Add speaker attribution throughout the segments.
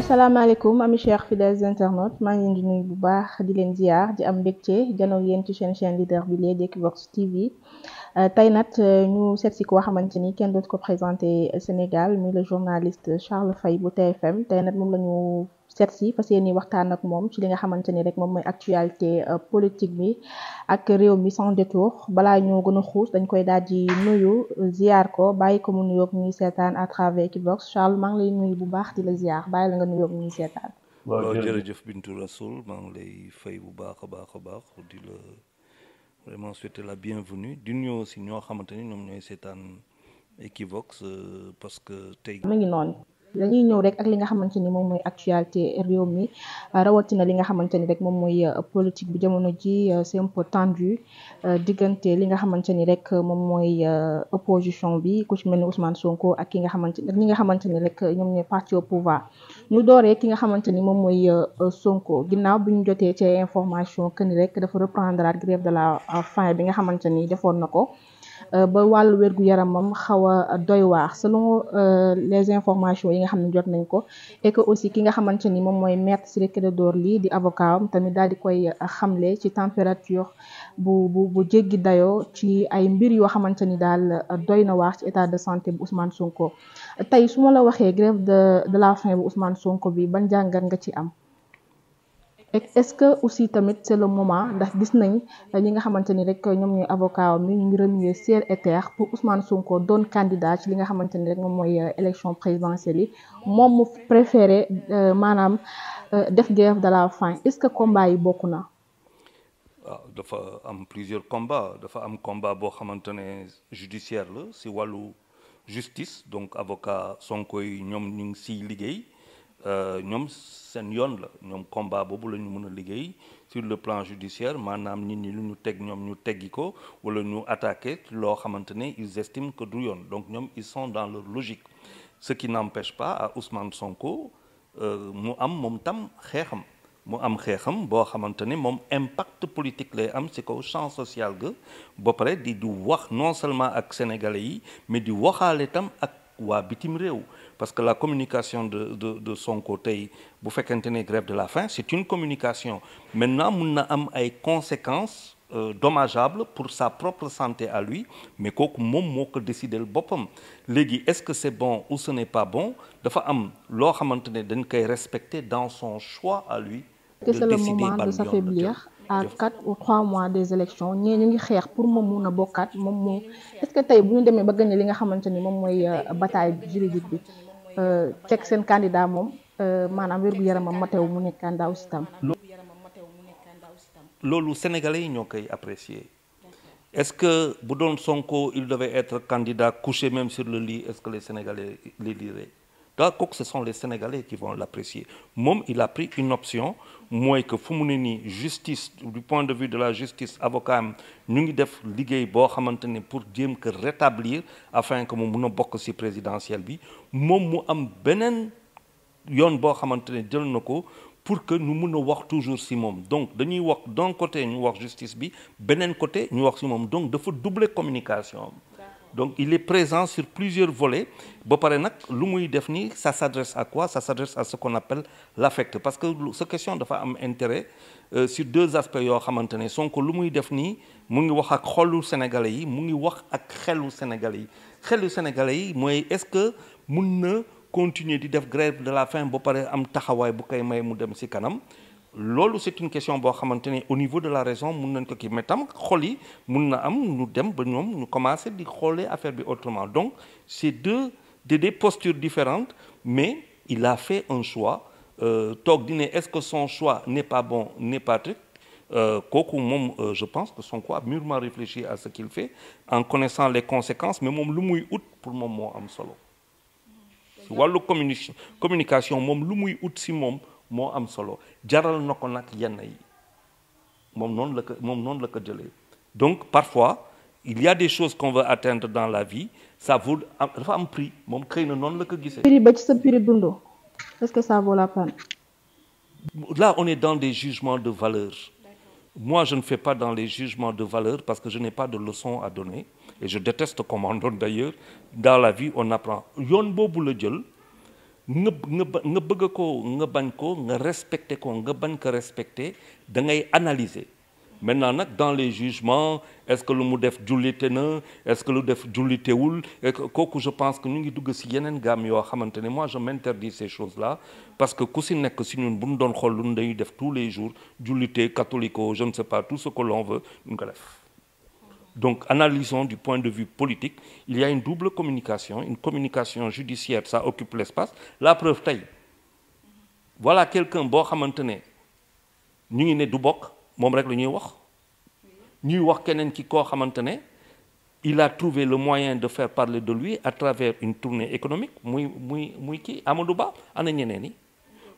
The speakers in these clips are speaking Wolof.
Speaker 1: asalaamaaleykum ami cher fidèles internautes maa ngi di nuyu bu baax di leen ziar di am mbégte janow yéen ci seen chaîne leader bi lee di Equivox TV Euh, tey nag euh, ñu seet koo xamante ni kenn dootu ko présenté euh, Sénégal muy le journaliste Charles fay bu TFM tey nag moom lañu ñu seet si fas yéene waxtaan ak moom ci li nga xamante ni rek moom mooy actualité politique bi ak réew mi sans détour balaa ñoo gën a xuus dañ koy daal di nuyu ziar ko bàyyi ko mu nuyoog ñuy seetaan à travers Equivox Charles maa ngi lay nuyu bu baax di la ziar bàyyi la nga nuyoog ñuy seetaan. waaw jërëjëf
Speaker 2: Bintou Rasoul maa ngi lay fay bu baax vraiment souhaiter la bienvenue di nuyoo aussi ñoo xamante ni ñoom ñooy seetaan Equivox euh, parce que tey. mu ngi noonu
Speaker 1: dañuy ñëw rek ak li nga xamante ni moom mooy actualité réew mi rawatina li nga xamante ni rek moom mooy euh, politique bi jamono ji euh, c'est un tendu diggante li nga xamante ni rek moom mooy opposition bi ku ci mel ni Ousmane Sonko ak ki nga xamante ñi nga xamante ni rek ñoom ñooy parti au pouvoir. ñu dooree ki nga xamante ni moom mooy euh, euh, Sonko ginnaaw bi ñu jotee ci information que ni rek dafa reprendre grève de la euh, faim bi nga xamante ni defoon na ko ba wàllu wérgu yaramam xaw a doy waax selon les informations yi nga xam ne jot nañ ko et que aussi ki nga xamante ni moom mooy maître Ciré Clédor lii di avocat tamit daal di koy xamle ci température bu bu bu jéggi dayoo ci ay mbir yoo xamante ni daal doy na waax ci état de santé bu Ousmane Sonko. tey su ma la waxee grève de la fin bu Ousmane Sonko bi ban jàngat nga ci am est-ce que aussi tamit c'est le moment ndax gis nañ euh, ñi nga xamante ni rek ñoom ñooy avocat mi ñu ngi remuer ciel et terre pour Ousmane Sonko doon candidat ci li nga xamante ni rek moom mooy euh, élection présidentielle yi moom mu préféré euh, maanaam def grève de la faim est-ce que combat yi bokk na.
Speaker 2: Ah, dafa am plusieurs combats dafa am combat boo xamante ne judiciaire la si wàllu. justice donc avocat Sonko yi ñoom ñu ngi siy liggéey euh, ñoom seen yoon la ñoom combat boobu la ñu mën a liggéey sur le plan judiciaire maanaam nit ñi lu ñu teg ñoom ñu teggi ko wala ñu attaqué loo xamante ne ils estiment que du yoon donc ñoom ils sont dans leur logique ce qui n'empêche pas à Ousmane Sonko euh, mu am moom tam xeexam mu am xeexam boo xamante ne moom impact politique lay am ci kaw champ social ga ba pare di di wax non seulement ak sénégalais yi mais di waxaale tam ak waa bitim réew parce que la communication de de de Sonko tey bu fekkente ne grève de la faim c'est une communication maintenant mun na am ay conséquence Euh, dommageable pour sa propre santé à lui mais kooku moom moo ko décidel boppam léegi est-ce que c'est bon ou ce n'est pas bon dafa am loo xamante ne dañ koy respecter dans son choix à lui
Speaker 1: que c'est le moment de mois des élections ñii ñu ngi xeex pour moom mun a bokkaat moom moo tey bu demee ba gagné li nga xamante ni moom mooy euh, bataille juridique bi euh, teg seen candidat moom euh, maanaam wér gu yaramam ma mu nekk candidat aussi tam.
Speaker 2: loolu sénégalais yi ñoo koy apprécier est-ce que bu doon Sonko il devait être candidat couché même sur le lit est-ce que les sénégalais l'éliraient donc ce sont les sénégalais qui vont l'apprécier moom il a pris une option. mooy que fu mu ne nii justice du point de vue de la justice avocat am ñu ngi def liggéey boo xamante ne pour jéem que rétablir afin que mu mun a bokk ci présidentielle bi moom mu am beneen yoon boo xamante ne jël na ko pour que ñu mun a wax toujours ci moom donc dañuy wax d'un côté ñu wax justice bi beneen côté ñu wax ci moom donc dafa doubler communication donc il est présent sur plusieurs volets ba pare nag lu muy def nii sa s'adresse à quoi sa s'adresse à ce qu'on appelle l'affect parce que sa question dafa am intérêt euh, sur deux aspects yoo xamante ne Sonko lu muy def nii mu ngi wax ak xolu sénégalais yi mu ngi wax ak xelu sénégalais yi xelu sénégalais yi mooy est-ce que mun na continuer di def grève de la faim ba pare am taxawaay bu koy may mu dem si kanam loolu c'est une question boo xamante ne au niveau de la raison mun nañ ko kii mais tam xol yi mun na am ñu dem ba ñoom ñu commencé di xoolee affaire bi autrement donc c'est deux des des postures différentes mais il a fait un choix euh, toog di est-ce que son choix n'est pas bon n'est pas truc euh, kooku moom euh, je pense que Sonko a mûrement réfléchi à ce qu'il fait en connaissant les conséquences mais moom lu muy ut pour moom moo am solo mm. wàllu communi communication moom lu muy ut si moom moo am solo jaral na ko nag yenn yi moom noonu la ko moom noonu la ko jëlee donc parfois il y a des choses qu'on veut atteindre dans la vie ça vaut dafa am prix moom xëy na noonu la ko gisee. prix ba
Speaker 1: ci sa prix dund la
Speaker 2: là on est dans des jugements de valeur. Moi, je ne fais pas dans les jugements de valeur parce que je n'ai pas de leçons à donner et je déteste qu'on d'ailleurs. Dans la vie, on apprend. Yoon boobu la jël. nga nga nga bëgg ko nga bañ ko nga respecté ko nga bañ ko respecté da ngay analyser maintenant nag dans les jugements est-ce que lu mu def jullite na est-ce que lu def jullitewul kooku je pense que ñu ngi dugg si yeneen gamme yoo xamante ne moi je m'interdis ces choses-là parce que ku si nekk si ñun bu ñu doon xool lu dañuy def tous les jours jullite catholico je ne sais pas tout ce que l'on veut ñu ko def Donc, analysons du point de vue politique, il y a une double communication, une communication judiciaire, ça occupe l'espace. La preuve tey voilà quelqu'un boo xamante ne ñu ngi ne du bokk moom rek la ñuy wax ñuy wax keneen ki koo xamante ne il a trouvé le moyen de faire parler de lui à travers une tournée économique muy muy muy kii Amadou Ba ana ñeneen yi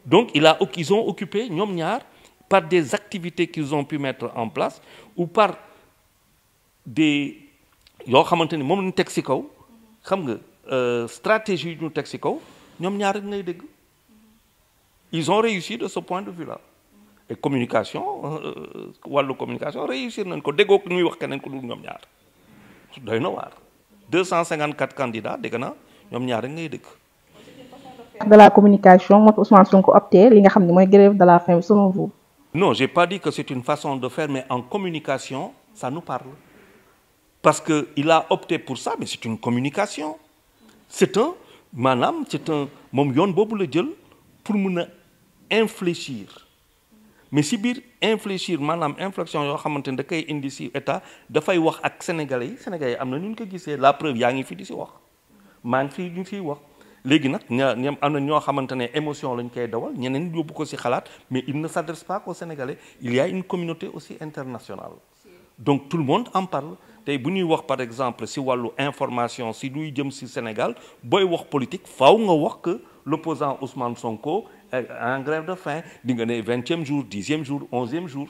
Speaker 2: donc il a ils ont occupé ñoom ñaar par des activités qu'ils ont pu mettre en place ou par des yoo xamante ni moom nu teg si kaw xam nga euh, stratégie yu ñu teg si kaw ñoom ñaar rek ngay dégg ils ont réussi de ce point de vue là communication euh, wàllu communication réussir nañ ko déggoo ñuy wax ke nañ ko dul ñoom ñaar doy na waar 254 candidats dégg na ñoom ñaar rek ngay dégg.
Speaker 1: de la communication moo tax Ousmane Sonko opté li nga xam ne mooy grève de la faim selon vous.
Speaker 2: non j'ai pas dit que c'est une façon de faire en communication ça nous parle. parce que il a opté pour ça mais c'est une communication c'est un maanaam c'est un moom yoon boobu la jël pour mun a infléchir mais si biir infléchir maanaam inflexion yoo xamante ne da kay indi si état dafay wax ak sénégalais yi sénégalais yi am na ñu ko gisee la preuve yaa ngi fi di si wax maa ngi fi ñu fiy wax léegi nag ña ñam am na ñoo xamante ne émotion lañ koy dawal ñeneen yóbbu ko si xalaat mais il ne s'adresse pas qu'aux sénégalais il y une communauté aussi internationale tey bu ñuy wax par exemple si wàllu information si luy jëm si Sénégal booy wax politique faaw nga wax que l'opposant Ousmane Sonko en grève de faim di nga ne vingtième jour dixième jour onzième jour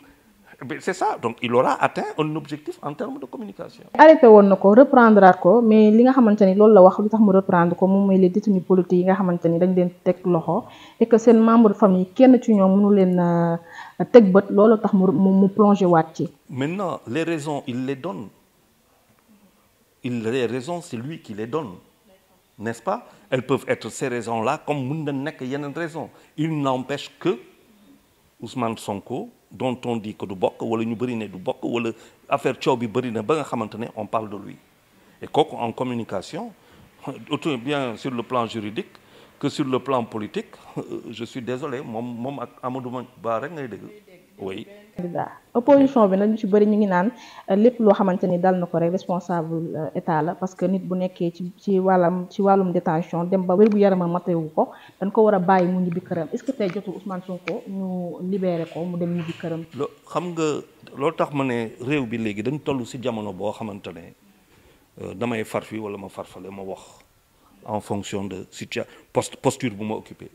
Speaker 2: c'est ça donc il aura atteint un objectif en termes de communication.
Speaker 1: arrêté woon na ko reprendre at ko mais li nga xamante ni loolu la wax lu tax mu reprendre ko moom mooy les détenus politiques yi nga xamante ni dañ leen teg loxo et que seen membre de famille kenn ci ñoom mënu leen euh, teg bët loolu tax mu mu plongé waat ci.
Speaker 2: maintenant les raisons il les il les raisons c'est lui qui les donne n'est-ce pas elles peuvent être ces raisons-là comme mën na nekk yeneen raison il n'empêche que Ousmane Sonko dont on dit que du bokk wala ñu bëri ne du bokk wala affaire coow bi bëri na ba nga xamante ne on parle de lui et kooku en communication autant bien sur le plan juridique que sur le plan politique je suis désolé moom moom ak Amadou Ba rek ngay dégg oui.
Speaker 1: opposition bi nag ñu ci bëri ñu ngi naan euh, lépp loo xamante ni dal na ko rek responsable euh, état la parce que nit bu nekkee ci ci wàllam ci wàllum détention dem ba wér gu yaramam matewu ko dañ ko war a bàyyi mu ñibbi këram est-ce que tey jotul Ousmane Sonko ñu libéré ko mu dem ñibbi këram.
Speaker 2: loo xam nga loo tax ma ne réew bi léegi dañ toll si jamono boo xamante ne euh, damay far fii wala ma farfale ma wax en fonction de situation post posture bu ma occupé.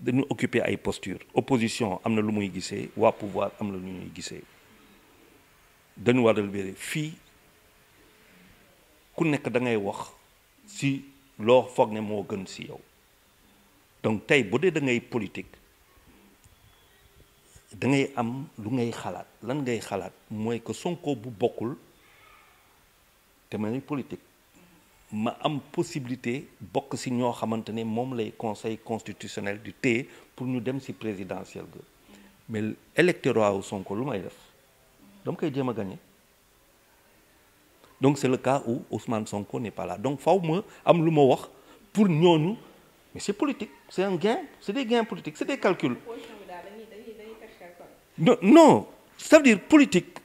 Speaker 2: dañu occuper ay posture opposition am na lu muy gisee waa pouvoir am na lu ñuy gisee dañu war a libéré fii ku nekk da ngay wax si loo foog ne moo gën si yow donc tey bu dee da ngay politique da ngay am lu ngay xalaat lan ngay xalaat mooy que Sonko bu bokkul te mel ni politique ma am possibilité bokk si ñoo xamante ne moom lay conseil constitutionnel di téye pour ñu dem si présidentiel ga mais électorat wu Sonko lu may def dama koy jéem a donc c'est le cas où Ousmane Sonko n'est pas là donc faw ma am lu ma wax pour ñooñu mais c'est politique c'est un gain c'est des gains politiques c'est des calculs non non c'est-à-dire politique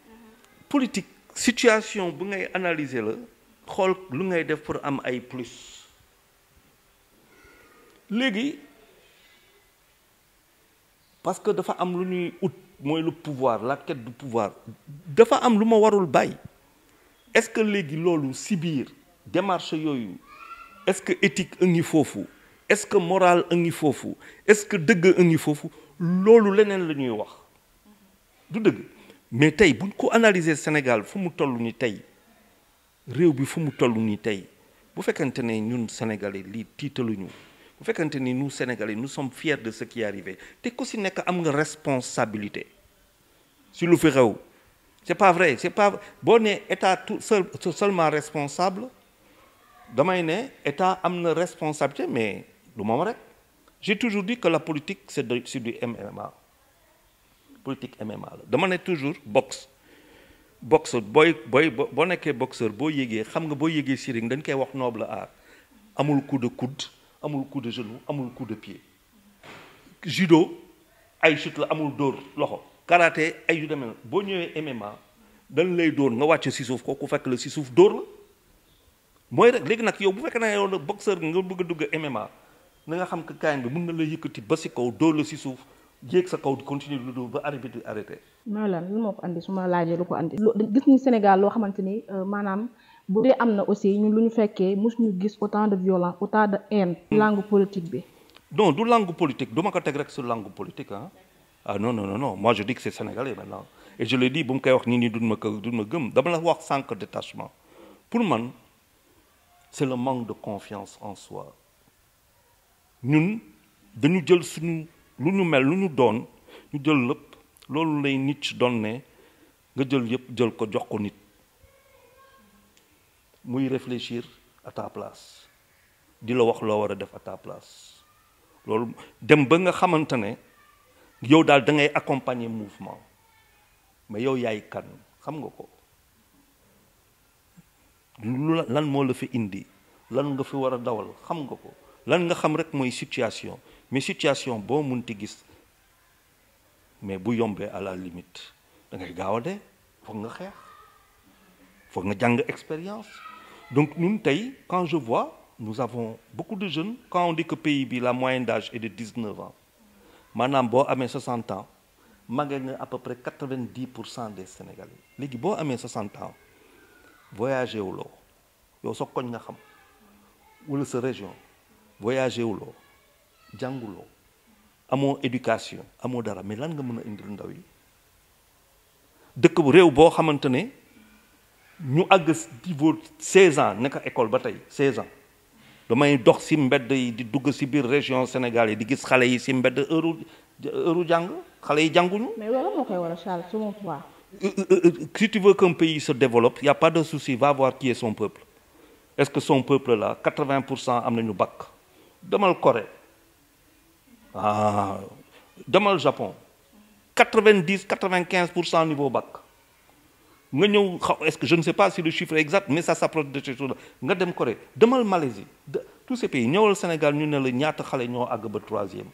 Speaker 2: politique situation bu ngay analyser la xool lu ngay def pour am ay plus léegi parce que dafa am lu ñuy ut mooy lu pouvoir la du pouvoir dafa am lu ma warul bàyyi est-ce que léegi loolu si biir yooyu est-ce que éthique a ngi foofu est-ce que morale a ngi foofu est-ce que dëgg a ngi foofu loolu leneen la ñuy wax du dëgg mais tey buñ ko analyser Sénégal fu mu toll ni tey réew bi fu mu toll nii tey bu fekkante ne ñun sénégalais lii tiitaluñu bu fekkante ni nous sénégalais nu some fiers de ce qui est arrivé te ku si nekk am nga responsabilité si lu fi xew c'est pas vrai c'est pas boo nee état tout seulement responsable damay ne état am na responsabilité mais du moom rek j'ai toujours di que la politique c'est du MMA politique MMA la dama ne toujours boxe boxeur booy booy boo nekkee boxeur boo yégee xam nga boo yégee siring dañ koy wax la art amul coup de coude amul coup de genou amul coup de pied judo ay chute la amul dóor loxo karaté ay yu demee boo ñëwee MMA dañ lay dóor nga wàcc si suuf koo kooku fekk la si suuf dóor la mooy rek léegi nag yow bu fekkee ne yow nag boxeur nga bëgg a dugg MMA na nga xam que kaayam bi mën na la yëkkati ba si kaw dóor la si suuf jéeg sa kaw di continuer lu dul ba arbitre bi arrêté.
Speaker 1: mooy lan lan moo ko andi su ma laajee lu ko andi. gis ñu Sénégal loo xamante ni euh, maanaam bu dee am na aussi ñun lu ñu fekkee mosuñu gis autant de violence autant de haine. Hmm. langue politique bi.
Speaker 2: non du langue politique du ma ko teg rek su langue politique ah. ah no non non non moi je dis que c'est sénégalais maintenant et je le dis bu mu koy wax nit ñi duñ ma ko duñ ma gëm dama la wax sànq détachement pour man c'est le manque de confiance en soi ñun jël suñu. lu ñu mel lu ñu doon ñu jël lépp loolu lay nit ci doon ne nga jël yépp jël ko jox ko nit muy réfléchir à place di la wax loo war a def à place loolu dem ba nga xamante ne yow daal dangay ngay accompagner mouvement mais yow yaay kan xam nga ko lan moo la fi indi lan nga fi war a dawal xam nga ko lan nga xam rek mooy situation mais situation boo mun munti gis mais bu yombee à la limite da ngay gaaw a dee foog nga xeex foog nga jàng expérience donc ñun tey quand je vois nous avons beaucoup de jeunes quand on dit que pays bi la moyenne d'âge et de 19 ans maanaam boo amee 60 ans màgget nga à peu près 90 pour cent des Sénégalais léegi boo amee 60 ans voyagé wuloo yow sa koñ nga xam wala sa région voyagé wuloo jànguloo amoo éducation amoo dara mais lan nga mën a indil ndaw yi dëkk bu réew boo xamante ne ñu àgg niveau 16 ans nekk école ba tey 16 ans damay dox ci mbedd yi di dugg si biir région Sénégal yi di gis xale yi si mbedd heure heure jàng xale yi jànguñu.
Speaker 1: mais loolu moo koy waral Charles selon toi. Euh, euh, euh,
Speaker 2: si tu veux qu'un pays se développe y pas de souci va qui est son peuple est-ce que son peuple quatre 80 pour cent am na ñu bac demal kore ah demal Japon quatre-vingt-dix quatre-vingt-quinze pour cent niveau bac nga ñëw xaw est-ce que je ne sais pas si le chiffre exact mais ça s'approche de ces choses nga dem Corée demal Malaisie de tous ces pays ñëwal Sénégal ñu ne la ñaata xale ñoo àgg ba troisième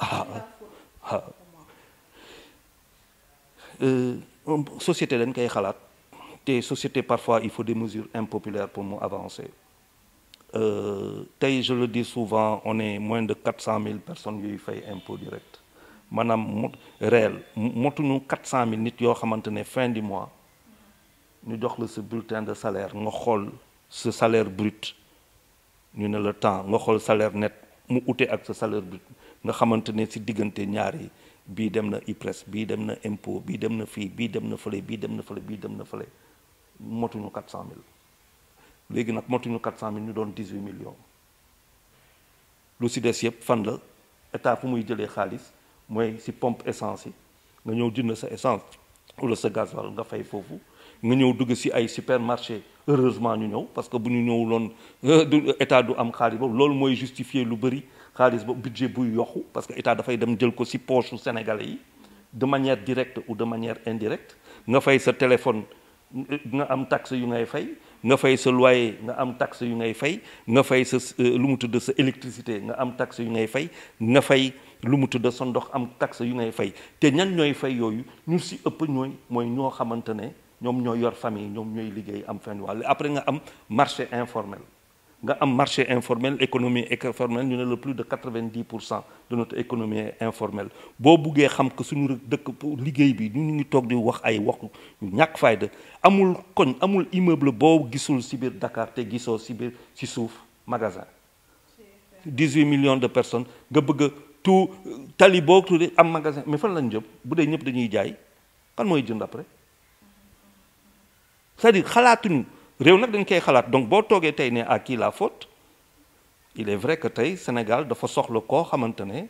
Speaker 2: ah ah, ah. Euh, société dañ koy xalaat te société parfois il faut des mesures impopulaires pour mu avancer Euh, tey je le dis souvent on est moins de 400 000 personnes yuy fay impôt direct maanaam mot réel motuñu 400 mille nit yoo xamante ne fin du mois ñu jox la sa bulletin de salaire nga xool sa salaire brut ñu ne le temps nga xool salaire net mu ute ak sa salaire brut nga xamante ne si diggante ñaari bii dem na IPRES bii dem na impôt bii dem na fii bii dem na fële bii dem na fële bii dem na fële motuñu 400 000. léegi nag motuñu quatre cent mille ñu doon dix huit millions lu si des yëpp fan la état fu muy jëlee xaalis mooy si pompe essence yi nga ñëw jënd sa essence wala sa gasoil nga fay foofu nga ñëw dugg si ay supermarché heureusement ñu ñëw parce que bu ñu ñëwuloon euh, du état du am xaalis boobu loolu mooy justifier lu bëri xaalis boobu budget buy yoxu parce que état dafay dem jël ko si poche su sénégalais yi de manière directe ou de manière indirecte nga fay sa téléphone nga am taxe yu ngay fay nga fay sa loyer nga am tax yu ngay fay nga fay sa euh, lu mu tudd sa électricité nga am tax yu ngay fay nga fay lu mu tudd sa ndox am tax yu ngay fay te ñan ñooy fay yooyu ñu si ëpp ñooy mooy ñoo xamante ne ñoom ñoo yor fami ñoom ñooy liggéey am fenn après nga am marché informel nga am marché informel économie informelle ñu ne le plus de quatre-vingt-dix pour cent de notre économie informelle boo buggee xam que suñu dëkk liggéey bi ñu ngi toog di wax ay waxu ñàkk fayda amul koñ amul immeuble boo gisul ci biir Dakar te gisoo ci biir ci suuf magasin dix-huit millions de personnes nga bëgg tout tali boo tuddee am magasin mais fan lañ jëm bu dee ñëpp dañuy jaay kan mooy jënd après cest à xalaatuñu réew nag dañ koy xalaat donc boo toogee tey ne à ah, qui la faute il est vrai que tey Sénégal dafa soxla koo xamante ne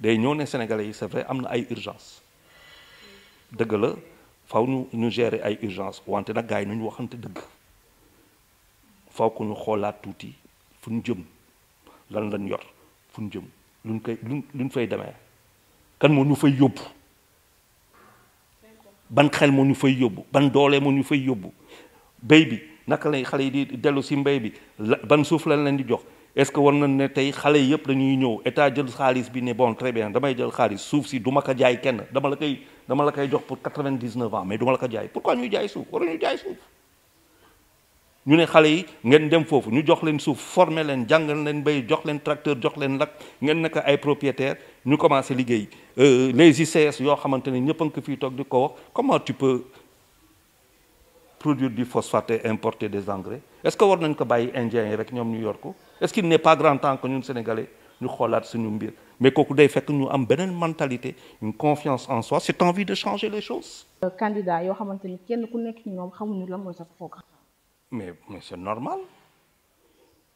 Speaker 2: day ñëw ne Sénégalais yi c'est am na ay urgence dëgg la faw ñu ñu ay urgence wante nag gars yi nañu waxante dëgg faw ko ñu xoolaat tuuti fu ñu jëm lan lañ yor fu ñu jëm luñ koy luñ luñ fay demee kan moo ñu fay yóbbu ban xel moo ñu fay yóbbu ban doole moo ñu fay yóbbu béy bi naka lay xale yi di dellu si mbéy bi ban suuf lañ leen di jox est-ce que war nañ ne tey xale yëpp dañuy ñëw état jël xaalis bi ne bon très bien damay jël xaalis suuf si duma ko jaay kenn dama la koy dama la koy jox pour quatre-vingt-dix-neuf ans mais du la ko jaay pourquoi ñuy jaay suuf waruñu jaay suuf ñu ne xale yi ngeen dem foofu ñu jox leen suuf former leen jàngal leen béy jox leen tracteur jox leen lakk ngeen nekk ay propriétaire ñu commencé liggéey euh, les ICS yoo xamante ne ñëpp a ngi ko toog di ko produire du phosphate et importer des engrais est-ce que war nañ ko bàyyi indien yi rek ñoom ñu yor ko est-ce qu'il n'est pas grand temps que ñun sénégalais ñu xoolaat suñu mbir mais kooku day fekk ñu am beneen mentalité une confiance en soi cette envie de changer
Speaker 1: les choses. Euh, candidat yoo xamante ni kenn ku nekk ci ñoom xamuñu lan mooy sa programme.
Speaker 2: mais mais c'est normal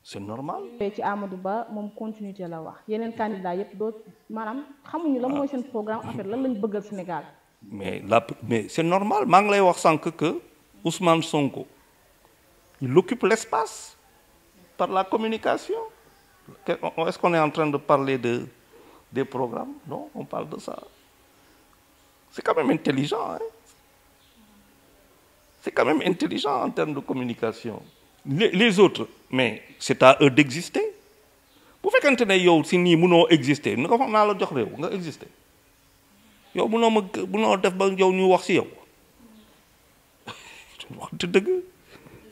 Speaker 2: c'est normal. ci
Speaker 1: Amadou Ba moom continuité la wax yeneen candidat yépp doo maanaam xamuñu lan mooy seen programme lan lañ bëggal Sénégal.
Speaker 2: mais la mais c'est normal maa ngi lay wax sànq que. Ousmane Sonko il occupe l'espace par la communication est-ce qu'on est en train de parler de des programmes non on parle de ça c'est quand même intelligent même intelligent en termes de communication les, les autres mais c'est à eux d'exister bu fekkente ne yow si nii mënoo exister nu ko foog naa la jox réew nga exister yow mënoo ma mënoo def ba yow ñu wax si yow waxte dëgg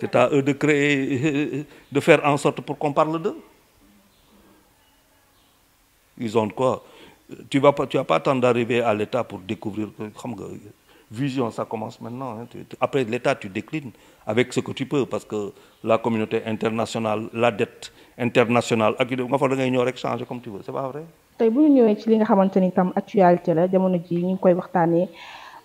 Speaker 2: c'est à eux de créer de faire en sorte pour qu'on parle d'eux ils ont quoi tu vas pas tu as pas temps d'arriver à l'état pour découvrir xam nga vision ça commence maintenant hein. après l'état tu déclines avec ce que tu peux parce que la communauté internationale la dette internationale ak nga fa da ngay ñëw rek changer comme tu veux c'est pas vrai
Speaker 1: tey bu ñu ñëwee ci li nga xamante tam actualité la jamono ji ñu ngi koy waxtaanee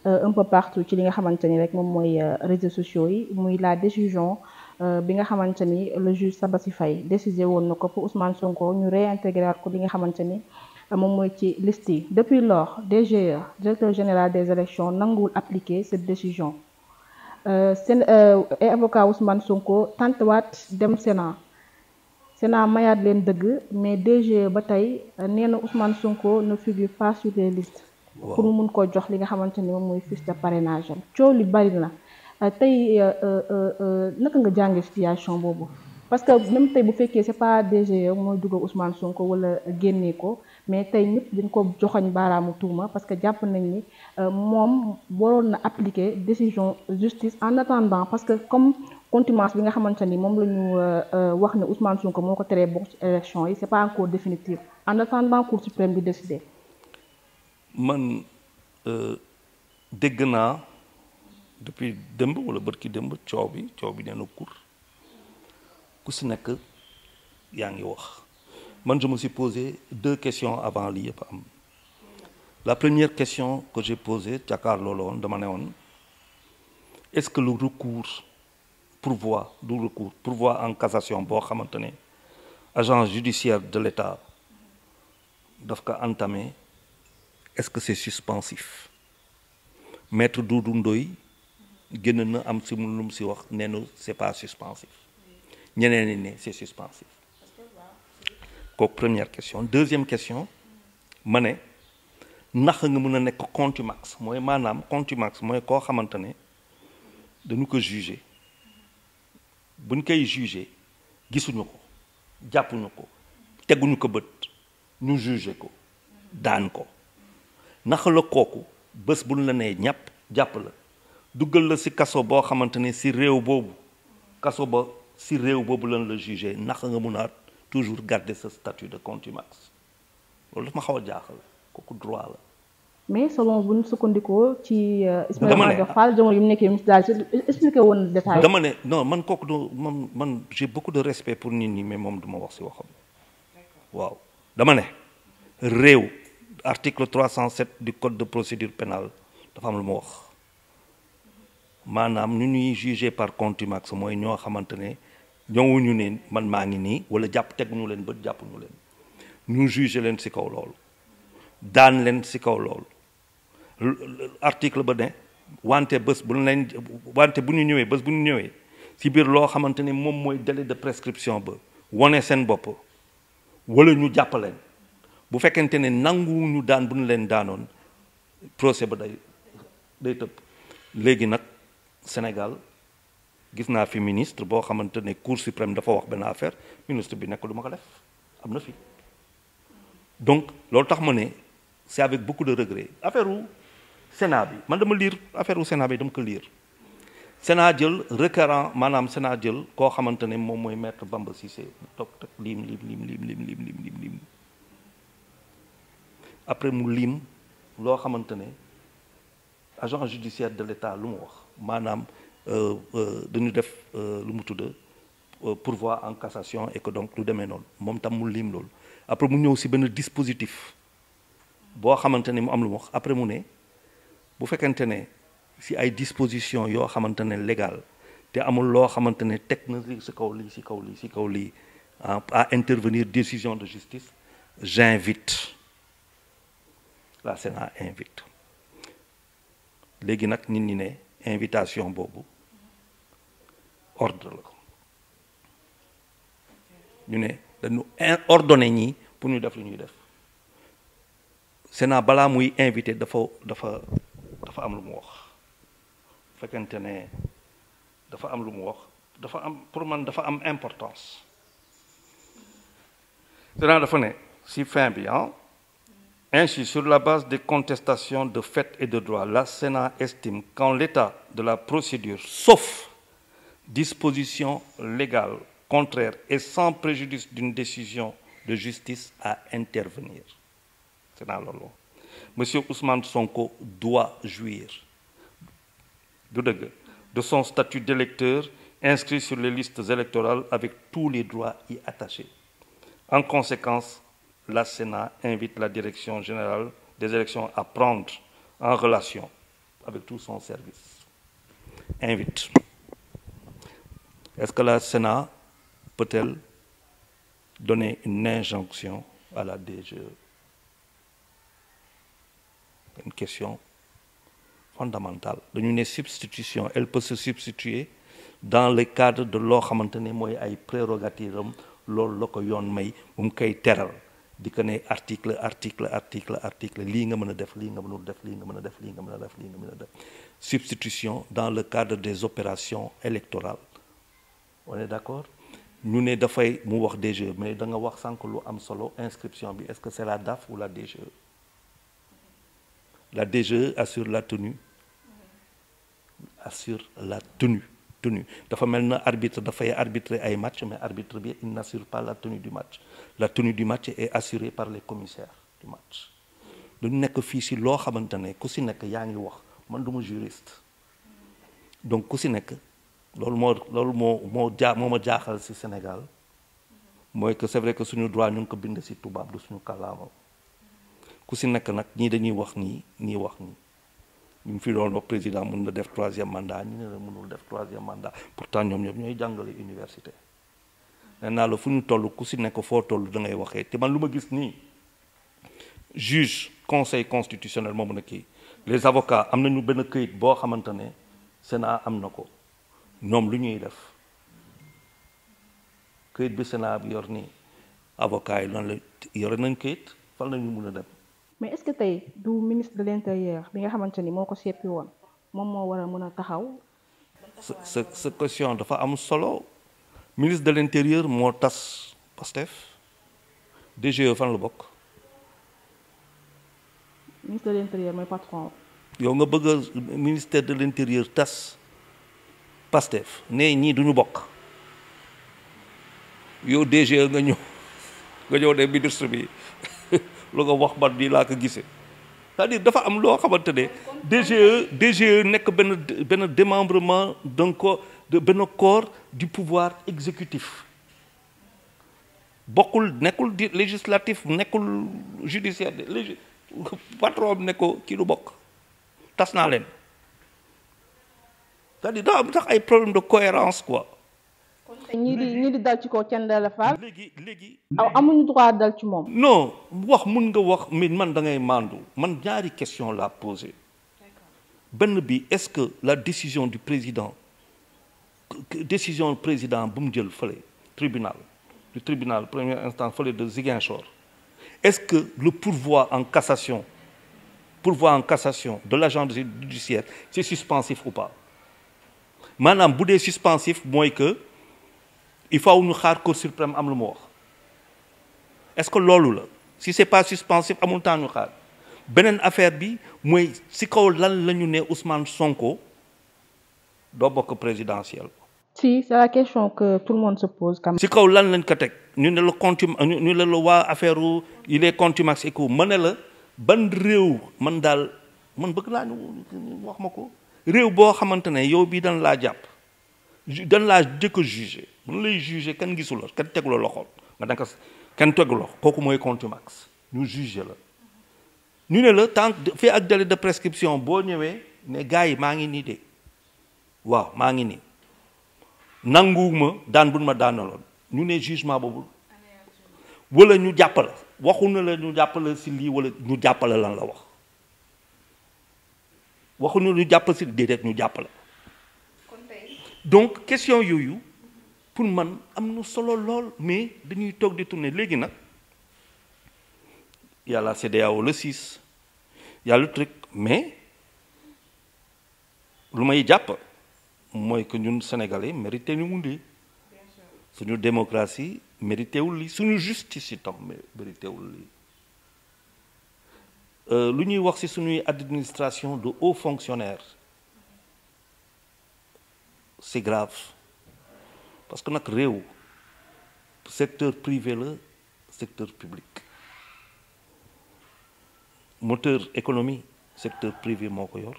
Speaker 1: Euh, un peu partout ci li nga xamante ni rek moom mooy euh, réseaux sociaux yi muy la décision euh, bi nga xamante ni le saba si fay décidé woon na ko pour usman Sonko ñu réintégrer ko li nga xamante ni moom mooy ci liste yi depuis lors DGE directeur général des élections nanguwul appliquer cette décision seen ay avocat Ousmane Sonko tantewaat dem Sénat Sénat mayaat leen dëgg mais DGE ba tey nee na Ousmane Sonko ne figure pas sur les listes pour mu mun koo jox li nga xamante ni moom mooy fiche de parrainage am coow li bari euh, euh, euh, naka nga jànge situation boobu parce que même bu fekkee c'est pas e mooy dugal Ousmane Sonko wala génnee ko mais tey ñëpp dañ ko joxoñ baaraamu tuuma parce que jàpp nañ ni moom waroon na appliquer décision justice en attendant parce que comme contumace bi nga xamante ni moom la ñu wax ne Ousmane Sonko moo ko teree bokk ci élection yi c'est pas encore définitif en attendant Cour suprême bi décider
Speaker 2: man euh, dégg naa depuis dëmb wala bërki dëmb coow bi coow bi nee na kur ku si nekk yaa ngi wax man je me suis posé deux questions avant lii yëpp am la première question que j'ai posée jàkkaarloo la dama ne woon est-ce que lu le recours pourvoi du pour pourvoi en cassation boo xamante ne agent judiciaire de l'État daf ko entamé est-ce que c'est suspensif maître Doudou Ndoye génn na am si mu lu mu si wax nee nu c'est pas suspensif ñeneen ñi ne c'est suspensif kooku première question deuxième question ma ne nax nga mën a nekk contumax mooy maanaam contumax mooy koo xamante ne dañu ko juger buñ koy juger gisuñu ko jàppuñu ko teguñu ko bët ñu juger ko daan ko nax la kooku bés bu ñu la nee ñàpp jàpp la duggal la si kaso boo xamante ne ci réew boobu kaso ba si réew boobu lañ la jugé nax nga mun a at toujours garder sa statut de contumace loolu dafa ma xaw a jaaxal kooku droit la.
Speaker 1: mais selon bu ñu sukkandikoo ci. Euh, Ismaïla Madior Fall jamono yu mu nekkee ministre daal woon détail. dama
Speaker 2: ne non man kooku du man man j'ai beaucoup de respect pour nit ñi mais moom du ma wax si waxam waaw dama ne réew. article 307 du code de procédure pénale dafa am lu mu wax maanaam ñu ñuy jugé par contumace mooy ñoo xamante ne ñëwuñu ne man maa ngi nii wala jàpp teguñu leen bët jàppuñu leen ñu jugé leen si kaw loolu daan leen si kaw loolu article ba ne wante bés bu leen wante bu ñu ñëwee bés bu ñu ñëwee si biir loo xamante ne moom mooy délai de prescription ba wone seen bopp wala ñu jàpp leen bu fekkente ne ñu daan bu ñu leen daanoon procès ba day day tëb léegi nag Sénégal gis naa fi ministre boo xamante ne cour suprême dafa wax benn affaire ministre bi nekk du ma ko def am na fi donc loolu tax ma ne c'est avec beaucoup de regret affaire wu Sénat bi man dama liir affaire u Sénat bi dama ko liir Sénat jël requérant maanaam Sénat jël koo xamante ne moom mooy maître Bamba Cissé toog teg lim lim lim lim après mu liim loo xamante ne agent judiciaire de l'État lu mu wax maanaam euh, euh, dañu def euh, lu mu tudd pour pourvoi en cassation et que donc lu demee noonu moom tam mu liim loolu après mu ñëw si benn dispositif boo xamante ne mu am lu mu wax après mu ne bu fekkente ne si ay disposition yoo xamante ne légal te amul loo xamante ne teg na si kaw lii si kaw lii si kaw lii ah, à intervenir décision de justice j'invite laa la Sénat invite léegi nag nit ñi ne invitation boobu ordre la ko ñu ne dañu ordonné ñii pour ñu def lu ñuy def Sénat balaa muy invité dafa dafa dafa am lu mu wax fekkente ne dafa am lu mu wax dafa am pour man dafa am importance Sénat dafa ne si fin bi ah Ainsi, sur la base des contestations de fait et de droit, la Sénat estime qu'en l'état de la procédure, sauf disposition légale contraire et sans préjudice d'une décision de justice à intervenir. Sénat loolu Monsieur Ousmane Sonko doit jouir du dëgg de son statut d'électeur inscrit sur les listes électorales avec tous les droits y attachés. En conséquence, la Sénat invite la Direction générale des élections à prendre en relation avec tout son service. Invite. Est-ce que la Sénat peut-elle donner une injonction à la DGE Une question fondamentale. Une substitution, elle peut se substituer dans le cadre de loo xamante ne mooy ay prérogative am loolu la ko yoon may bu mu koy di ko ne article article article article lii nga mën a def lii nga mënul def lii nga mën a def lii nga mën a def lii nga mën a def substitution dans le cadre des opérations électorales on est d'accord ñu ne dafay mu wax DGE mais da nga wax sànq lu am solo inscription bi est-ce que c'est la DAF ou la DGE la DGE assure la tenue assure la tenue tenue dafa mel na arbitre dafay arbitrer ay match mais arbitre bi il n'assure pas la tenue du match la tenue du match est assurée par les commissaires du match dañu nekk fii si loo xamante ne ku si nekk yaa ngi wax man du donc ku si nekk loolu moo loolu moo moo jaa moo ma jaaxal si Sénégal mooy que c'est vrai que suñu droit ñu ngi ko bind si tubaab du suñu kàllaama ku si nekk nag ñii dañuy wax nii ñii wax nii ñu ngi fi doon wax président mun na def troisième mandat ñu ne la mënul def troisième mandat pourtant ñoom ñëpp ñooy jàngale université nee naa la fu ñu toll ku si nekk foo toll da ngay waxee te man lu ma gis nii juge conseil constitutionnel moom na kii les avocats am ñu benn këyit boo xamante ne Sénat am na ko ñoom lu ñuy def këyit bi Sénat bi yor nii avocats yi lan la yore nañ këyit fan la ñu mun a dem.
Speaker 1: mais est-ce que tey du ministre de l'intérieur bi nga xamante ni moo ko seppi woon moom moo war a mën a taxaw.
Speaker 2: sa sa question dafa am solo ministre de l'intérieur moo tas Pastef DGE fan la bokk.
Speaker 1: ministre de l'intérieur mooy patron.
Speaker 2: yow nga bëgg a ministère de l'intérieur tas Pastef ne ñii duñu bokk yow DGE nga ñëw nga ñëw de ministre bi. lu nga wax ba di laa ko gisee cest à dafa am loo xamante ne DGE DGE nekk benn benn démembrement d'un corps de benn corps du pouvoir exécutif bokkul nekkul di législatif nekkul judiciaire légi patron ne ko kii du bokk tas naa leen c'est-à-dire am tax ay problème de cohérence quoi
Speaker 1: ñii di ñii di dal ci kaw Thiendella Fall. léegi léegi. aw amuñu droit dal ci moom. non wax
Speaker 2: mun nga wax mais man da ngay maandu man ñaari question la posé benn bi est-ce que la décision du président décision président bu mu jël fële tribunal du tribunal première instance fële de Ziguinchor est-ce que le pourvoi en cassation pourvoi en cassation de l'agent judiciaire c'est suspensif ou pas maanaam bu dee suspensif mooy que. il faut ñu xaar cour suprême am lu mu wax est-ce que loolu la si c'est pas suspensif amul temps ñu xaar beneen affaire bi mooy si kaw lan la ñu ne Ousmane Sonko doo bokk présidentiel.
Speaker 1: si c'est la question que tout le monde se pose.
Speaker 2: si kaw lan lañ ko teg ñu ne la contum ñu ne la waa affaire il est contumax et que ma ne la ban réew man daal
Speaker 1: man bëgg laa ñu wax ma ko
Speaker 2: réew boo xamante ne yow bii dañ laa jàpp. dan laa jëkk a jugé bu lay jugé kenn gisu la kenn tegu la nga danga kenn tegu kooku mooy contumace ñu jugé la ñu ne la tant fii ak délai de prescription boo ñëwee ne gars yi maa ngi nii de waaw maa ngi nii nanguwuma daan buñ ma daanaloon ñu ne jugement boobu wala ñu jàppale waxu na la ñu jàppale si lii wala ñu jàppale lan la wax waxu na ñu jàppale si déedéet ñu jàppale donc question yooyu pour man am na solo lool mais dañuy toog di tourner léegi nag y a la CEDEAO le 6 y a mais lu may jàpp mooy que ñun sénégalais mérité ñu mu suñu démocratie mérité wul lii suñu justice itam mérité wul lii euh, lu ñuy wax ci suñuy administration du hauts fonctionnaire c'est grave parce que nag réew secteur privé la secteur public moteur économie secteur privé moo ko yor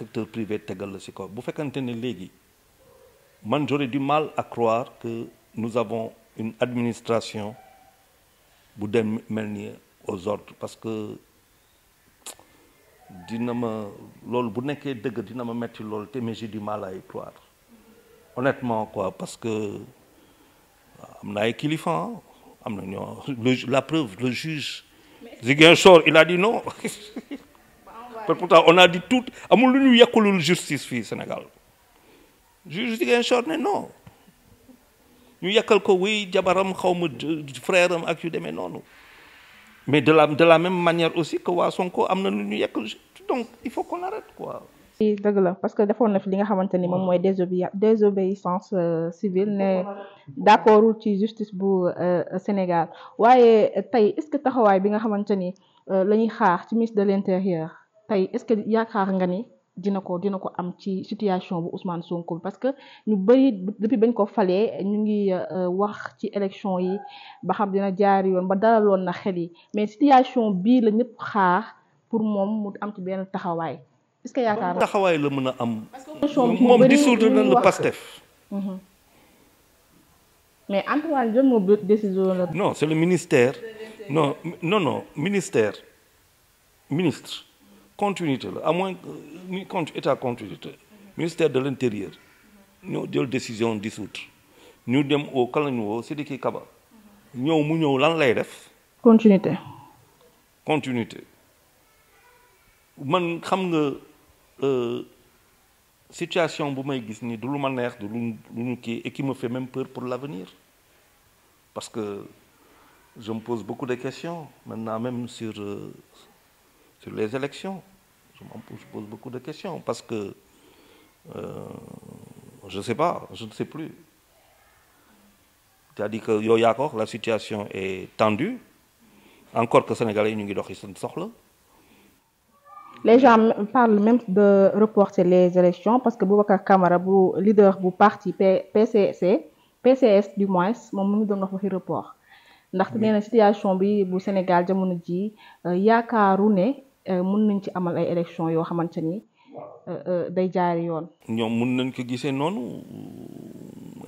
Speaker 2: secteur privé tegal la si kaw bu fekkante ne léegi man j'aurais du mal à croire que nous avons une administration bu dem ni aux ordres parce que dina ma loolu bu nekkee dëgg dina ma metti loolu te mais j'ai du mal à y honnêtement quoi parce que am na ay kilifa am na ñoo la preuve le juge Ziguinchor il a dit non pourtant on a dit tout amul lu ñu yekkulul justice fii Sénégal juge Ziguinchor ne non ñu yekkal ko wuy jabaram xaw ma frère ak yu demee noonu mais de la de la même manière aussi que waa Sonko am na lu ñu yekk
Speaker 1: donc il faut qu'on arrête quoi. oui la parce que defoon na fi li nga xamante ni moom mooy désobé désobéissance euh, civile ne d'accordul ci justice bu euh, Sénégal waaye tey est-ce que taxawaay bi nga xamante ni euh, la xaar ci ministre de l'intérieur tey est-ce que yaakaar nga ni. dina ko dina ko am ci situation bu Ousmane Sonko parce que ñu bëri depuis bañ ko falee ñu ngi euh, wax ci élection yi ba xam dina jaar yoon ba dalaloon na xel yi mais situation bii la ñëpp xaa pour moom mu am ci benn taxawaay est que yaakaar taxawaay
Speaker 2: la mën a am. moom dissoudre na le Pastef.
Speaker 1: Mhm. mais Antoine Diome décision la.
Speaker 2: non c'est le ministère. non non non ministère ministre. continuité la amoon moins euh, ni compte état continuité ministère de l'intérieur ñoo jël décision dis dissoudre ñu dem au kalañu woo Sidiki Kaba ñëw mu ñëw lan lay def. continuité. continuité man xam nga euh, situation bu may gis ni du lu ma neex du lu ñu kii et qui me fait même peur pour l'avenir parce que je me pose beaucoup de questions maintenant même sur. Euh, sur les élections. Je, pose beaucoup de questions parce que euh, je sais pas, je ne sais plus. C'est-à-dire que Yoyakor, la situation est tendue. Encore que les Sénégalais nous sortent.
Speaker 1: Les gens parlent même de reporter les élections parce que Boubacar Kamara, le leader du parti PCC, PCS du moins, moom mu ngi doon wax waxi report ndaxte nee na situation bi bu Sénégal jamono ji euh, yaakaaru ne Euh, mun nañ ci amal ay élection yoo xamante ni euh, euh, day jaari yoon.
Speaker 2: ñoom mun nañ ko gisee noonu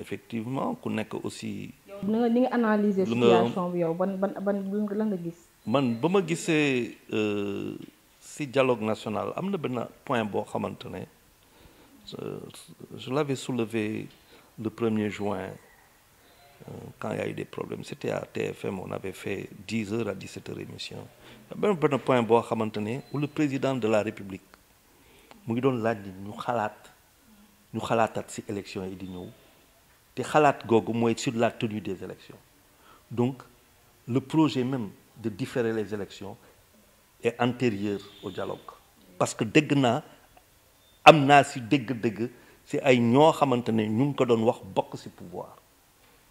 Speaker 2: effectivement ku nekk aussi.
Speaker 1: na nga ni nga analyser situation bi yow ban ban ban la nga gis.
Speaker 2: man ba ma gisee si dialogue national am na benn point boo xamante ne je l'avais soulevé le premier juin quand yaa y a problème des problèmes c'était à TFM on avait fait dix heures à dix-sept émission. benn benn point boo xamante ne où le président de la république mu ngi doon laaj ñu xalaat ñu xalaataat ci élection yi di ñëw te xalaat googu mooy sur la tenue des élections donc le projet même de différer les élections est antérieur au dialogue parce que dégg naa am naa ci dégg dëgg ci ay ñoo xamante ne ñu ngi ko doon wax bokk ci pouvoir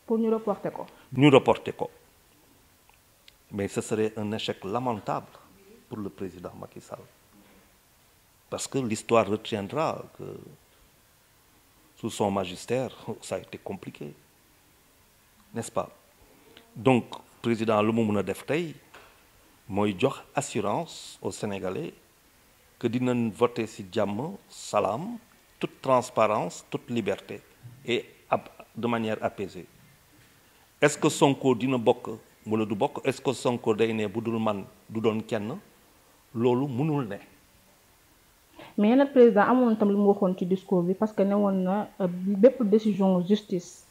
Speaker 1: pour ñu reporter ko
Speaker 2: ñu reporter ko mais ce serait un échec lamentable pour le président Macky Sall. Parce que l'histoire retiendra que sous son magistère, ça a été compliqué. N'est-ce pas Donc, président lu mu mun a def tey mooy jox assurance aux Sénégalais que dinañ voter ci jàmm salaam toute transparence toute liberté et de manière apaisée est-ce que Sonko dina bokk mu du bokk est-ce que Sonko day ne bu dul man du doon kenn loolu mënul ne.
Speaker 1: mais nag président amoon tam lu mu waxoon ci discours bi parce que ne woon na euh, bépp décision justice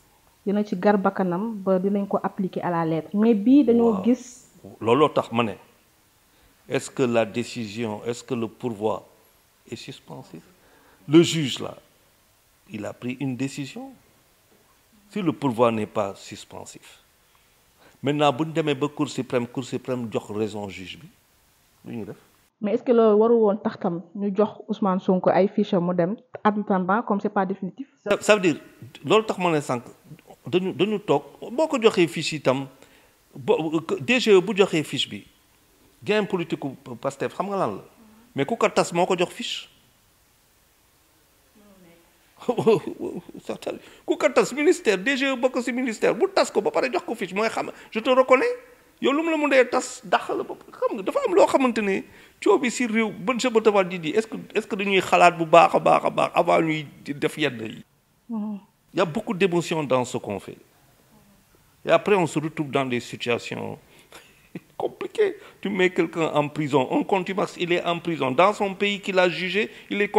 Speaker 1: dina ci gar bakkanam ba dinañ ko appliquer à la lettre mais bii dañoo gis.
Speaker 2: looloo tax ma ne est-ce que la décision est-ce que le pourvoi est suspensif le juge là il a pris une décision si le pourvoi n'est pas suspensif. maintenant bu ñu demee ba cour suprême cour suprême jox raison juge bi lu ñuy def.
Speaker 1: mais est-ce que loolu waru woon tax tam ñu jox Ousmane Sonko ay fiches mu dem en attendant comme c'est pas définitif.
Speaker 2: ça veut loolu tax ma ne sànq dañu dañu toog boo ko joxee fiche yi tam bo DGE bu joxee fiche bi gain politique Pastef xam nga lan la mais ku ko tas moo ko jox fiche. ku ko tas ministère DGE bokk si ministère bu tas ko ba pare jox ko fiche mooy xam je te reconnais yow lu mu la mun dee tas dàq la ba am loo xamante ne coow si réew bën sa bëtawaat di di est-ce que est-ce que dañuy xalaat bu baax a baax a baax avant ñuy def yenn yi. a beaucoup d'émotions dans ce qu'on fait et après on se retrouve dans des situations compliquées tu mets quelqu'un en prison un contumax il est en prison dans son pays qu'il a jugé il est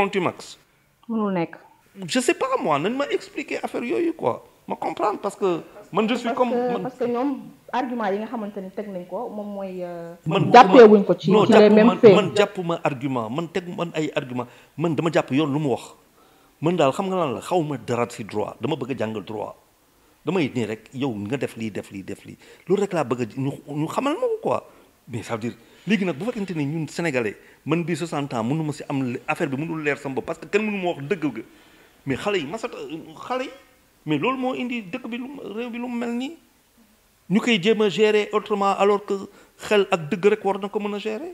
Speaker 2: je sais pas moi nañ ma expliquer affaire yooyu quoi ma comprendre parce que. man je suis comme man parce
Speaker 1: que ñoom nga xamante ni teg nañ ko moom mooy. Euh, man jàppeewuñ ko ci ci les mêmes faits man
Speaker 2: jàpp ma argument man teg man ay argument man dama jàpp yoon lu mu wax man daal xam nga lan la xaw ma dara ci droit dama bëgg a jàngal droit damay nii rek yow nga def lii def lii def lii loolu rek laa bëgg a ñu ñu xamal ma ko quoi mais ça veut dire léegi nag bu fekkente ni ñun sénégalais man bii 60 ans am affaire bi mënul leer sama bopp parce que kenn mënu ma wax dëgg ga mais xale yi masata xale yi mais loolu moo indi dëkk bi lu réew bi lu mu mel nii ñu koy jéem a gérer autrement alors que xel ak dëgg rek war na ko mën a gérer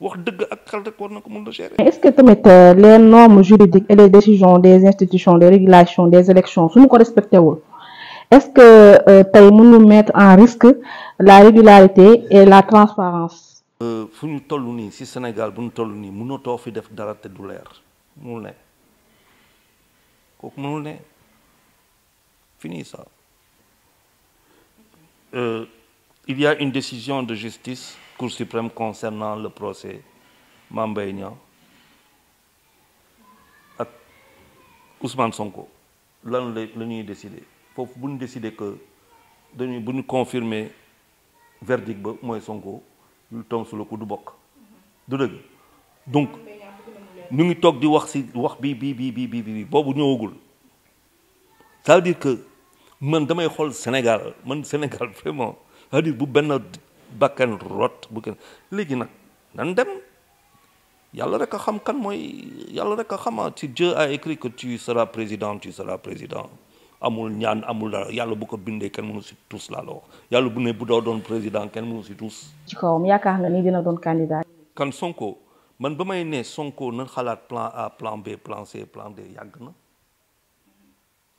Speaker 2: wax dëgg ak xel rek war na ko mën a gérer. mais
Speaker 1: est-ce que tamit euh, les normes juridiques et les décisions des institutions des régulations des élections suñu ko respecté wul est-ce que euh, tey mënul mettre en risque la régularité et la transparence
Speaker 2: euh, fu ñu toll nii si Sénégal bu ñu toll nii na mënatoo fi def dara te du leer mu nekk kooku mënul ne fini ça eh, il y une décision de justice Cour suprême concernant le procès Mame Mbaye Niang ak ousman Sonko lan la la ñuy décider foofu bu ñu décider que dañuy bu ñu confirmer verdict ba mooy Sonko lu tombe sur le coup du bokk du dëgg donc ñu ngi toog di wax si wax bii bii bii bi bi boobu ñëwagul ça veut dire que man damay xool Sénégal man Sénégal vraiment ça veut bu benn bakkan rot bu kenn léegi nag nan dem yàlla rek a xam kan mooy yàlla rek a xama si Dieu a écrit que tu seras président tu seras président amul ñaan amul dara yàlla bu ko bindee kenn mënu si tous laa la wax yàlla bu ne bu doo doon président kenn mënu si tous.
Speaker 1: ci kawam yaakaar nga ni dina doon candidat.
Speaker 2: kan Sonko. man ba may nee Sonko na xalaat plan A plan B plan C plan D yàgg na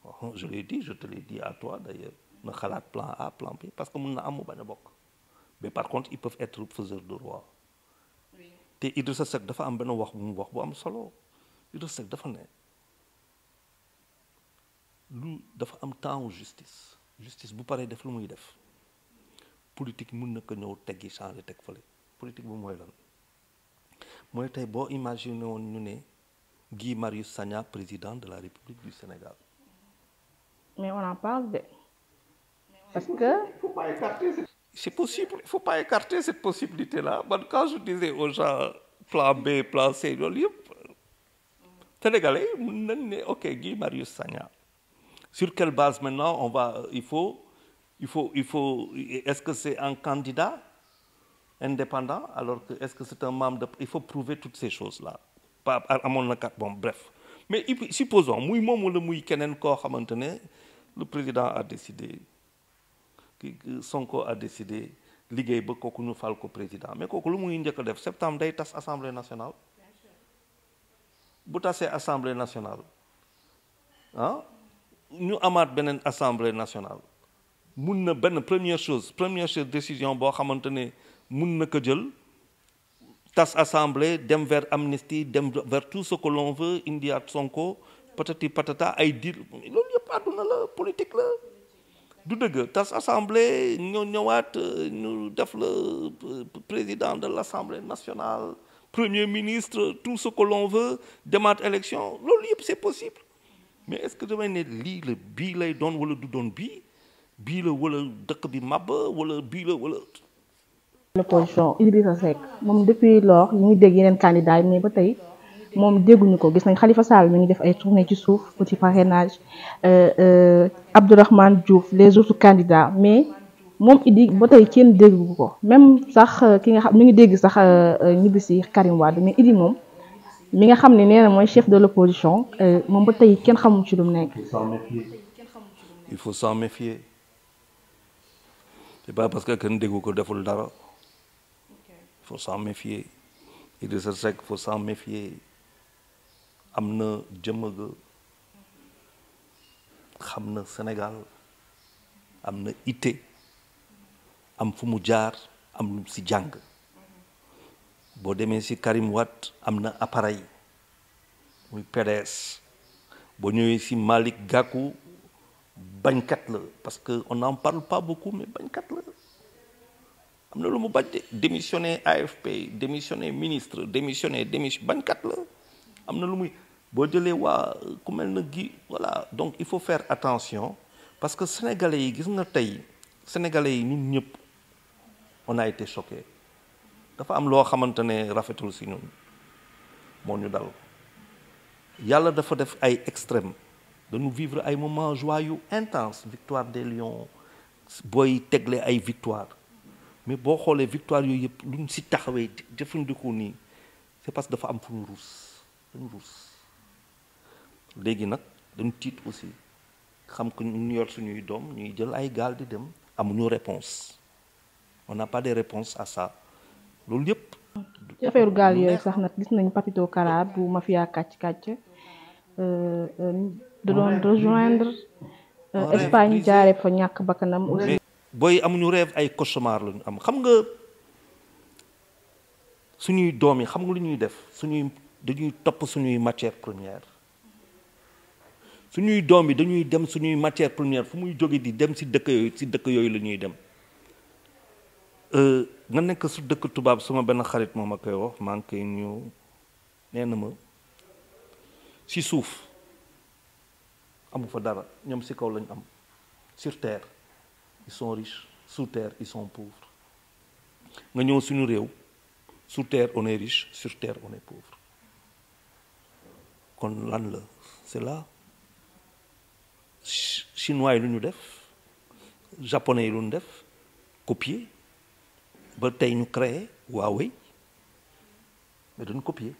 Speaker 2: waaw oh, je l'ai dit je te l'ai dit à toi d'ailleurs na xalaat plan A plan B parce que mun na am mu bañ a bokk mais par contre ils peuvent être faiseurs de roi te Idrissa Seck dafa am benn wax bu mu wax bu am solo Idrissa Seck dafa ne lu dafa am temps justice justice bu paree def lu muy def politique mun na ko ñëw teggi changer teg fële politique bu mooy lan mooy tey boo imaginer woon ñu Guy Marius Sagna président de la République du Sénégal.
Speaker 1: mais on en parle de. parce que. faut
Speaker 2: c'est possible il faut pas écarter cette possibilité là man quand je disais aux gens B plan C loolu yëpp. Guy Marius Sagna. sur quelle base maintenant on va il faut il faut il faut est-ce que c'est un candidat. indépendant alors que est-ce que c'est un membre de il faut prouver toutes ces amoon na kat bon bref mais supposons muy moom wala muy keneen koo xamante ne le président a décidé Sonko a décidé liggéey ba kooku ñu fal ko président mais kooku lu muy njëkk def septembre day tas assemblée nationale bu tasee assemblée nationale ah ñu amaat beneen assemblée nationale mun na benn première chose première chose décision boo xamante ne mun na ko jël tas assemblée dem vers amnistie dem vers tout ce que l'on veut indi at Sonko patati patata ay diir loolu yëpp àdduna la politique la du dëgg tas assemblée ñoo ñëwaat ñu def la président de l'assemblée nationale premier ministre tout ce que l'on veut demaat élection loolu yëpp c'est possible mais est-ce que damay ne lii la bii lay doon wala du doon bii bii la wala dëkk bi màbb wala bii la wala
Speaker 1: l'opposition Idrissa Seck moom depuis lors mu ngi dégg yeneen candidats mais ba tey moom dégguñu ko gis nañ Khalifa Sall mi ngi def ay tournée ci suuf petit parrainage euh, euh, Abdourahmane Diouf les autres candidats mais moom Idi ba tey kenn déggu ko même sax euh, ki nga xam mi ngi dégg sax ñibbisi Karim Wade mais Idi moom mi nga xam ne nee mooy chef de l'opposition moom ba tey kenn xamul ci lu mu nekk.
Speaker 2: il faut s'en parce que kenn déggu ko deful dara. il faut s'en méfier Idrissa Seck faut s'en méfier am na jëmm xam na Sénégal am na itte am fu mu jaar am lu si jàng boo demee si Karim wat am na appareil muy PDS boo ñëwee si Malick Gakou bañkat la parce que on n'en parle pas beaucoup mais bañkat la am na lu mu bañ de démissionné AFP démissionné ministre démissionné démission bañkat la am na lu muy boo jëlee waa ku mel gi voilà donc il faut fair attention parce que sénégalais yi gis nga tey sénégalais yi ñun ñëpp on a dafa am loo xamante ne rafetul si ñun moo ñu dal yàlla dafa def ay extrême danu vivre ay moments joyeux intense victoire des lions booy tegle ay victoire mais boo xoolee victoire yooyu yëpp luñ si taxawee jëfandikoo nii c'est parce que dafa am fu ñu ruus léegi nag dañu tiit aussi xam que ñu yor suñuy doom ñuy jël ay gaal di dem amuñu réponse on n'a pas de réponse à ça loolu yëpp.
Speaker 1: ci affaire gaal yooyu sax nag gis nañu Papito Kara bu mafia kàcc kàcc euh, euh, da doon rejoindre euh, Espagne jaaree fa ñàkk bakkanam
Speaker 2: booy amuñu rêve ay cauchemar lañu am xam nga suñuy doom yi xam nga lu ñuy def suñuy dañuy topp suñuy matière première suñuy doom yi dañuy dem suñuy matière première fu muy jóge di dem si dëkk yooyu si dëkk yooyu la ñuy dem euh, nga nekk su dëkk tubaab suma benn xarit moom a koy wax maa ngi koy ñëw nee na ma si suuf amu fa dara ñoom si kaw lañ am sur ils sont riches sous terre ils sont pauvres nga ñëw suñu réew sous terre on est riche sur terre on est pauvre kon lan la c'est la chinois yi lu ñu def japonais yi lu ñu def copier ba tey ñu créé Huawei mais dañu copier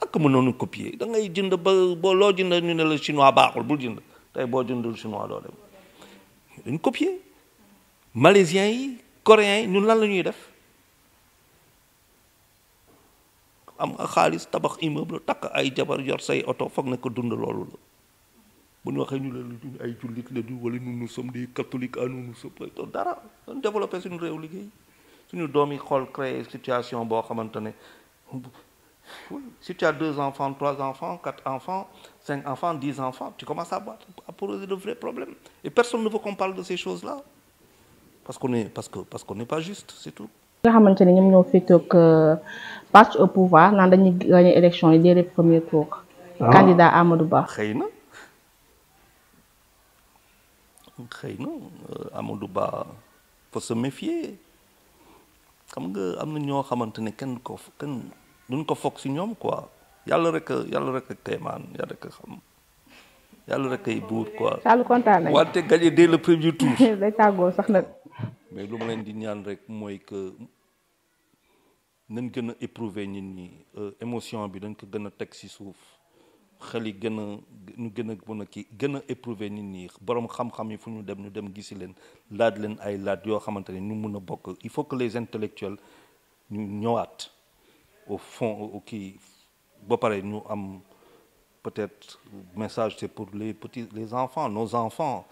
Speaker 2: ak mënoonu copier da ngay jënd ba boo loo jënd ñu ne la chinois baaxul bul jënd tey boo jëndul chinois doo dem dañu copier malaisiens yi coréens yi ñu lan la ñuy def am nga xaalis tabax immeuble takk ay jabar yor say oto foog na ko dund loolu la bu ñu waxee ñu ne ñu ay jullit la ñu wala ñun nous sommes des catholiques ah nous sommes dara dañu développé suñu réew liggéey suñu doom yi xool créer situation boo xamante ne si tu as deux enfants trois enfants quatre enfants cinq enfants dix enfants tu commences à avoir à poser de vrais problèmes et personne ne veut parle de ces parce qu'on est que parce qu'on n'est pas juste c'est tout.
Speaker 1: nga xamante ne ñoom ñoo féetoog euh, parti au pouvoir naan dañuy gagné élection yi dès le premier tour. Ah. candidat Amadou Ba. xëy na
Speaker 2: xëy na euh, Amadou Ba faut se méfier xam nga am na ñoo xamante ne kenn ko kenn duñ ko foog si ñoom quoi yàlla rek yàlla rek a kéemaan yàlla rek a xam. yàlla rek ay buur quoi. Sall kontaan nañu wante gagné dès le
Speaker 1: premier tour. day tàggoo sax nag.
Speaker 2: mais lu ma leen di ñaan rek mooy que nañ gën a éprouver nit ñi euh, émotion bi dañ ko gën a teg ci suuf xel yi gën a ñu gën a mën a kii gën a éprouver nit ñi borom xam-xam yi fu ñu dem ñu dem gisi leen laaj leen ay laaj yoo xamante ne ñu mun a bokk il faut que les intellectuels ñu ñëwaat au fond kii ba pare ñu am peut-être message c'est pour les petits les enfants nos enfants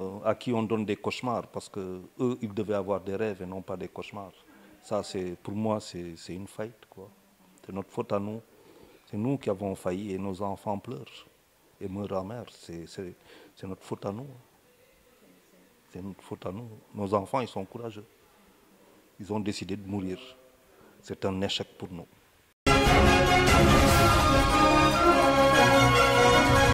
Speaker 2: Euh, à qui on donne des cauchemars, parce que eux, ils devaient avoir des rêves et non pas des cauchemars. c'est pour moi, c'est une faillite. C'est notre faute à nous. C'est nous qui avons failli et nos enfants pleurent et meurent en mer. C'est notre faute à nous. Nos enfants, ils sont courageux. Ils ont décidé de mourir. C'est un échec pour nous.